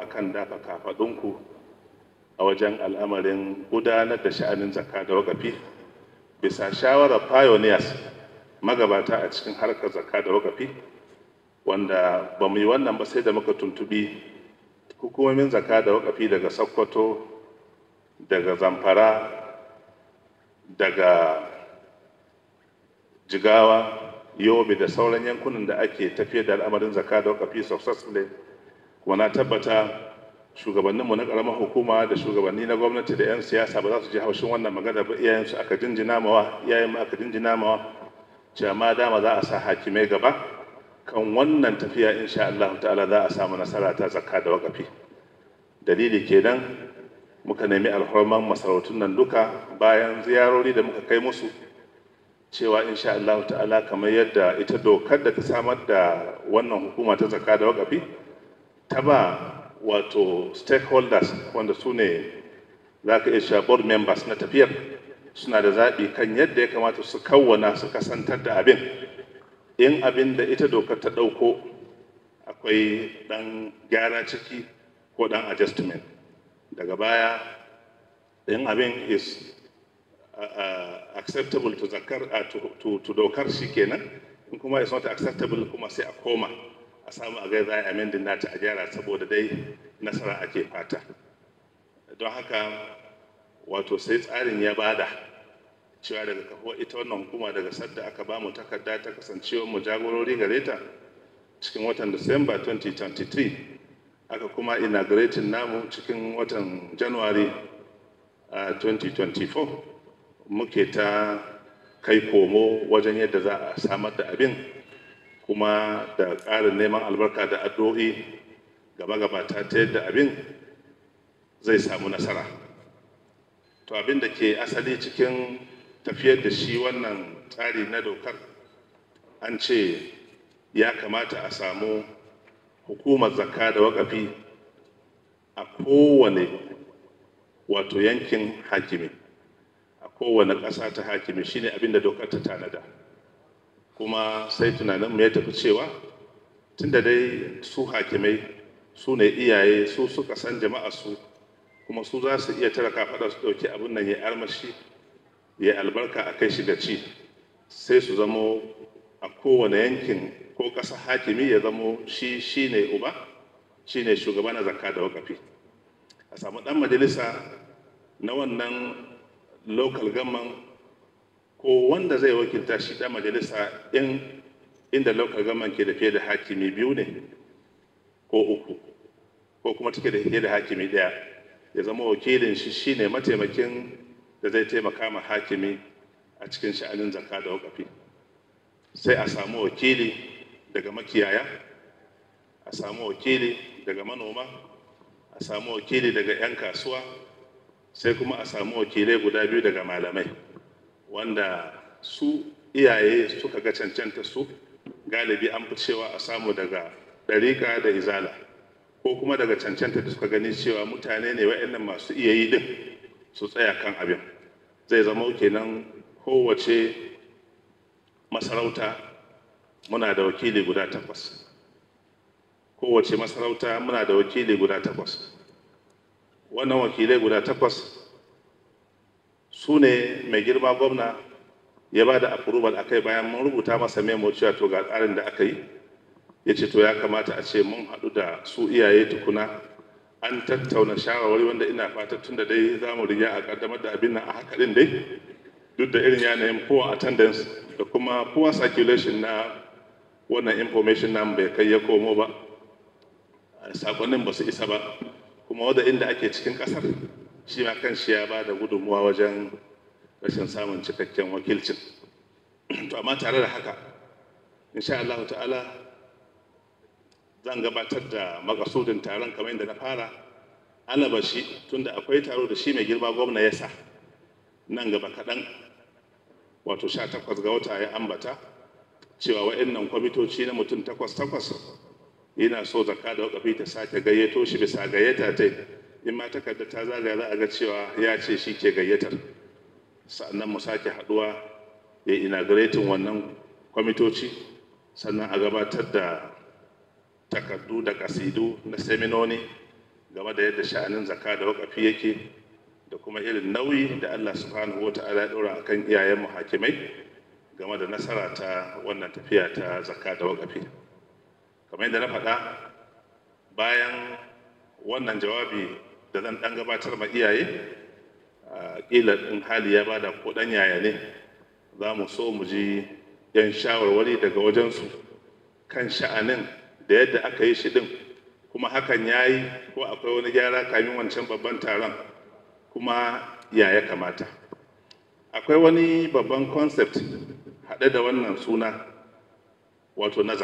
a kan dafa kafaɗunku a wajen al'amarin gudanar da sha'anin zakka da wakafi bisa shawarar pioneers magabata a cikin harkar zakka da wakafi wanda ba mu yi wannan ba sai da muka tuntubi hukumomin zakka da wakafi daga sokoto daga zamfara daga jigawa yobe da sauran yankunan da ake tafiye da al'amarin zakka da wakafi successfully kuma na tabbata shugabanninmu na karamar hukuma da shugabanni na gwamnati da 'yan siyasa ba za su ji haushin wannan magana ba iyayensu aka jinjina mawa iyayenmu aka jinjina mawa cewa ma dama za a sa hakimai gaba kan wannan tafiya insha Allah ta'ala za a samu nasara ta zakka da wakafi dalili kenan muka nemi alhorman masarautun nan duka bayan ziyarori da muka kai musu cewa insha Allah ta'ala kamar yadda ita dokar da ta samar da wannan hukuma ta zakka da wakafi ta ba wato stakeholders wanda su ne za ka iya board members na tafiyar suna da zaɓi kan yadda ya kamata su kawwana su kasantar da abin in abin da ita dokar ta ɗauko akwai ɗan gyara ciki ko ɗan adjustment daga baya in abin is acceptable to, zakar, uh, to, to dokar shi kenan in kuma is not acceptable kuma sai a koma a samu a gaiza a amendin nata a gyara saboda dai nasara ake fata don haka wato sai tsarin ya bada cewa daga kafo ita wannan hukuma daga sadda aka ba mu takarda ta kasancewa mu jagorori gare ta cikin watan disamba 2023 aka kuma inaugurating namu cikin watan january 2024 muke ta kai komo wajen yadda za a samar da abin kuma da ƙarin neman albarka da addu'o'i gaba gabata ta yadda abin zai samu nasara to abin da ke asali cikin tafiyar da shi wannan tsari na dokar an ce ya kamata a samu hukumar zakka da wakafi a kowane wato yankin hakimi a kowane ƙasa ta hakimi shine abin da dokar ta tanada. kuma sai tunanin mu ya tafi cewa tunda dai su hakimai su ne iyaye su suka san jama'a su kuma su za su iya tara faɗa su ɗauki abin nan ya armashi ya albarka a kai shi da ci sai su zamo a kowane yankin ko ƙasa hakimi ya zamo shi shi ne uba shi ne shugaba na zakka da wakafi a samu ɗan majalisa na wannan local government ko wanda zai wakilta shi da majalisa in inda local government ke da fiye da hakimi biyu ne ko uku ko kuma take da fiye da hakimi daya ya zama wakilin shi shine mataimakin da zai taimaka ma hakimi a cikin sha'anin zakka da wakafi sai a samu wakili daga makiyaya a samu wakili daga manoma a samu wakili daga 'yan kasuwa sai kuma a samu wakilai guda biyu daga malamai wanda su iyaye suka ga cancanta su galibi an fi cewa a samu daga ɗariƙa da izala ko kuma daga cancanta da suka gani cewa mutane ne nan masu iya yi din su tsaya kan abin zai zama kenan kowace masarauta muna da wakili guda takwas kowace masarauta muna da wakili guda takwas wannan wakilai guda takwas su ne mai girma gwamna ya ba da approval akai bayan mun rubuta masa memo cewa to ga tsarin da aka yi ya ce to ya kamata a ce mun haɗu da su iyaye tukuna an tattauna shawarwari wanda ina fata tun da dai za mu riga a kaddamar da abin nan a haka dai duk da irin yanayin poor attendance da kuma poor circulation na wannan information nan bai kai ya komo ba sakonnin ba su isa ba kuma wadda inda ake cikin ƙasar. shi ma kan shi ya ba da gudunmuwa wajen rashin samun cikakken wakilcin to amma tare da haka insha Allah ta'ala zan gabatar da makasudin taron kamar yadda na fara alaba shi tunda akwai taro da shi mai girma gwamna ya sa nan gaba kaɗan wato sha takwas ga wata ya ambata cewa wa'annan kwamitoci na mutum takwas takwas yana so zaka da wakafi ta sake gayyato shi bisa gayyata ta in ma takarda ta zagaya za a ga cewa ya ce shi ke gayyatar sannan mu sake haɗuwa ya inauguratin wannan kwamitoci sannan a gabatar da takardu da kasidu na seminoni game da yadda sha'anin zaka da wakafi yake da kuma irin nauyi da Allah subhanahu wa ta'ala ya ɗora akan iyayen mu hakimai game da nasara ta wannan tafiya ta zaka da wakafi kamar yadda na faɗa bayan wannan jawabi da zan ɗan gabatar ma iyaye a ƙila in hali ya bada ko ɗan yaya ne za mu so mu ji yan shawarwari daga wajensu kan sha'anin da yadda aka yi shi ɗin kuma hakan ya yi ko akwai wani gyara kamin wancan babban taron kuma ya ya kamata akwai wani babban concept haɗe da wannan suna wato nazar